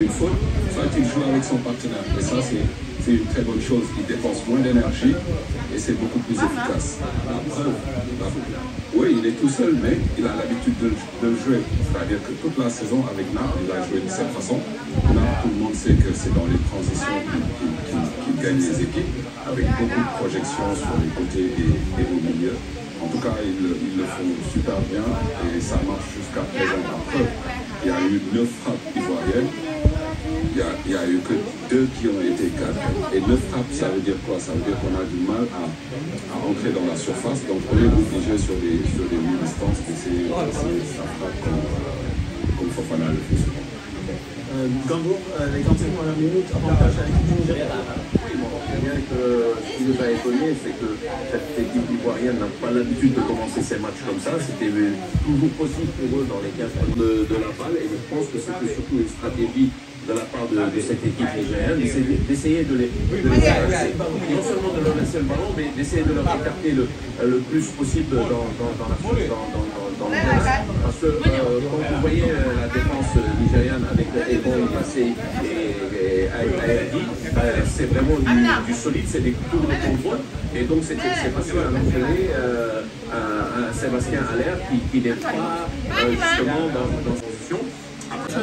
une faute, soit il joue avec son partenaire. Et ça, c'est une très bonne chose. Il dépense moins d'énergie et c'est beaucoup plus efficace. La oui, il est tout seul, mais il a l'habitude de, jouer. C'est-à-dire que toute la saison avec Naples, il a joué de cette façon. Naples, tout le sait que c'est dans les transitions qu'il gagne les équipes, avec beaucoup de projections sur les côtés et, et au En tout cas, ils, le font super bien et ça marche jusqu'à présent. Après, il y a eu neuf frappes ivoiriennes. Il n'y a, eu que deux qui ont été cadrées. Et neuf frappes, ça veut dire qu'on a du mal à, entrer dans la surface. Donc on est obligé sur les, sur les distances d'essayer de frappe comme, euh, comme Fofana le fait souvent. Euh, Gambour, euh, les 45 premières minutes, avantage à l'équipe du Nigeria. Oui, mais on sait bien que ce qui nous a étonné, c'est que cette équipe ivoirienne n'a pas l'habitude de commencer ses matchs comme ça. C'était toujours possible pour eux dans les 15 de, de la balle. Et je pense que c'était surtout une stratégie de la part de, de cette équipe nigérienne, d'essayer de les, de les arrêter, non seulement de leur laisser le ballon, mais d'essayer de leur écarter le, le plus possible dans, dans, dans la, dans, dans Parce que vous voyez la défense nigériane avec Ebon, Massé et, et Ayadi, c'est vraiment du, solide, c'est des tours de contrôle. Et donc c'est parce qu'il a entraîné euh, un, un Sébastien Allaire qui, qui n'est pas euh, justement dans, dans son position. Après,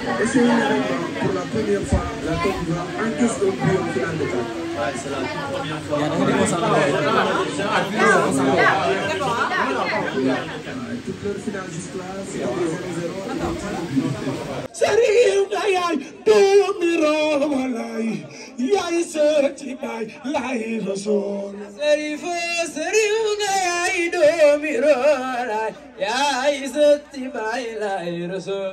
Essayez pour la première fois la Côte d'Ivoire encaisse un but en finale de CAN. Ouais, c'est la toute première fois. Ah, toute leur finale jusque-là, c'est 0-0 Serigne Ndayane doomiroo walaay yaay seeti baay laay rasool Serigne Serigne Ndayane doomiroo walaay yaay seeti baay laay rasool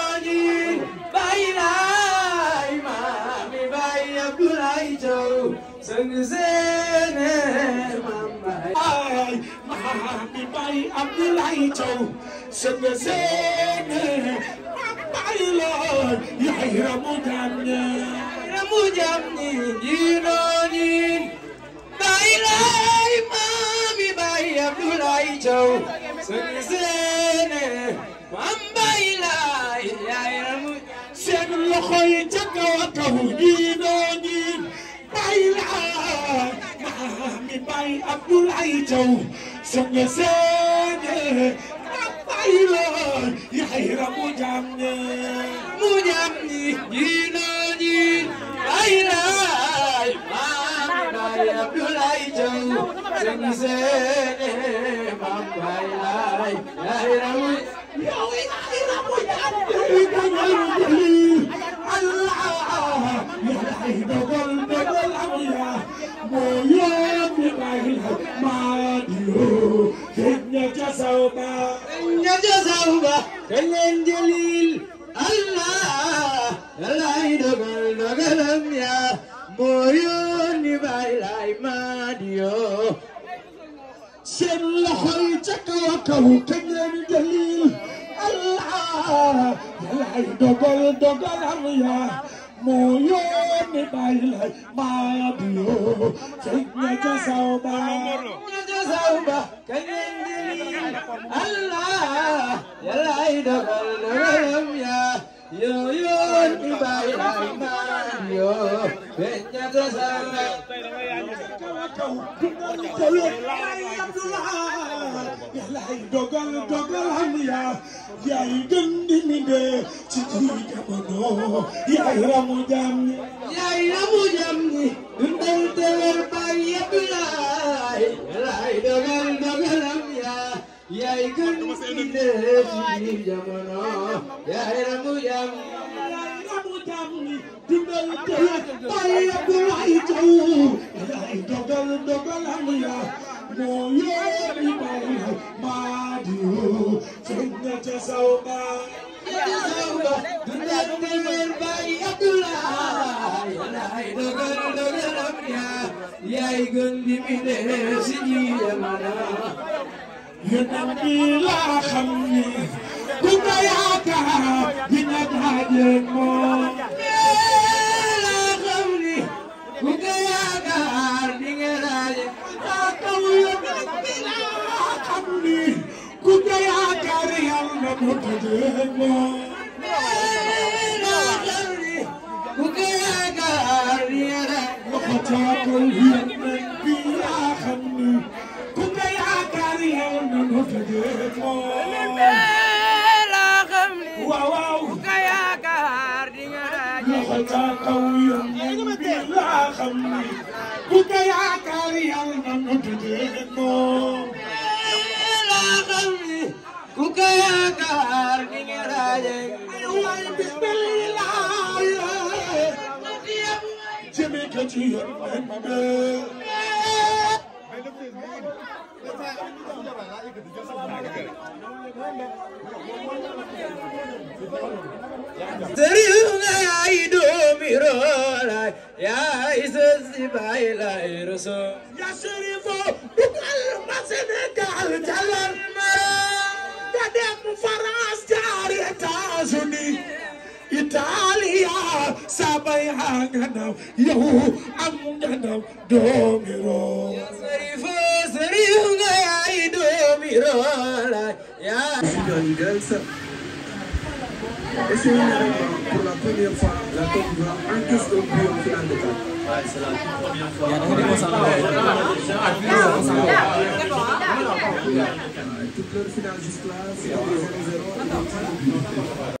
sëngseene mamay maami bay Abdoulaye Thiaw sëngseene mamay lool yaay ramu jam ni ramu jam ni jiinoonin bay lay maami bay Abdoulaye Thiaw sëngseene mambay lay yaay ramu seen loxo yi ca kaw a kaw Layla mi bay Abdoulaye Thiaw soxna seene Layla yaxira mu jaam ne mu jaam ni yinooni Layla mi bay Abdoulaye Thiaw soxna seene mam bay Layla yaxira mu الجليل الله لا يدغل دغلم يا مويون باي لاي ماديو سن لحي تكوكو كنن دليل الله لا يدغل دغلم يا مويون باي لاي ماديو سن جساو باي zawba kañ ngeen jëli allah yaa yaa yaay gën di mi de ci ci jamono yaay ramu jàmm ni yaay ramu jàmm ni dundal te wer bàyyi yaa dogal dogalam yaa yaay kan indee ci jamono yaay ramu jam ramu jam ni dimbal te bay Abdoulaye Thiaw yaay dogal dogalam yaa moo yóbbi bay maa di woo sëñ na ca saw ba ca saw ba dundal te yaay gën di mi dee si jiyanana yonanti laa xam ni ku ko yaakaar dina dajeeg moom laa xam ni ku ko yaakaar di nga daje laa kaw yonanti laa xam ni ku ko yaakaar yàlla na ko dajeeg moom laa xam ni ku ko yaakaar di nga daje فتى قوي بلا خمي كنت يا كاري المن تدينو بلا خمي كنت يا كار من راجك بسم الله جميك جير من مبين Serio? خيرولا يا عيسى الزبايل رسول يا شريف بكل ما سنقال جلال ما قدم فراس جاري تازني إيطاليا سابي عانغناو يهو عانغناو دوميرو يا شريف شريف يا دوميرو يا Et c'est euh, pour la première fois, la Côte d'Ivoire encaisse un but en finale de CAN. Ouais, c'est la première fois. Il y a des Toutes leurs finales jusque-là, c'est 0-0.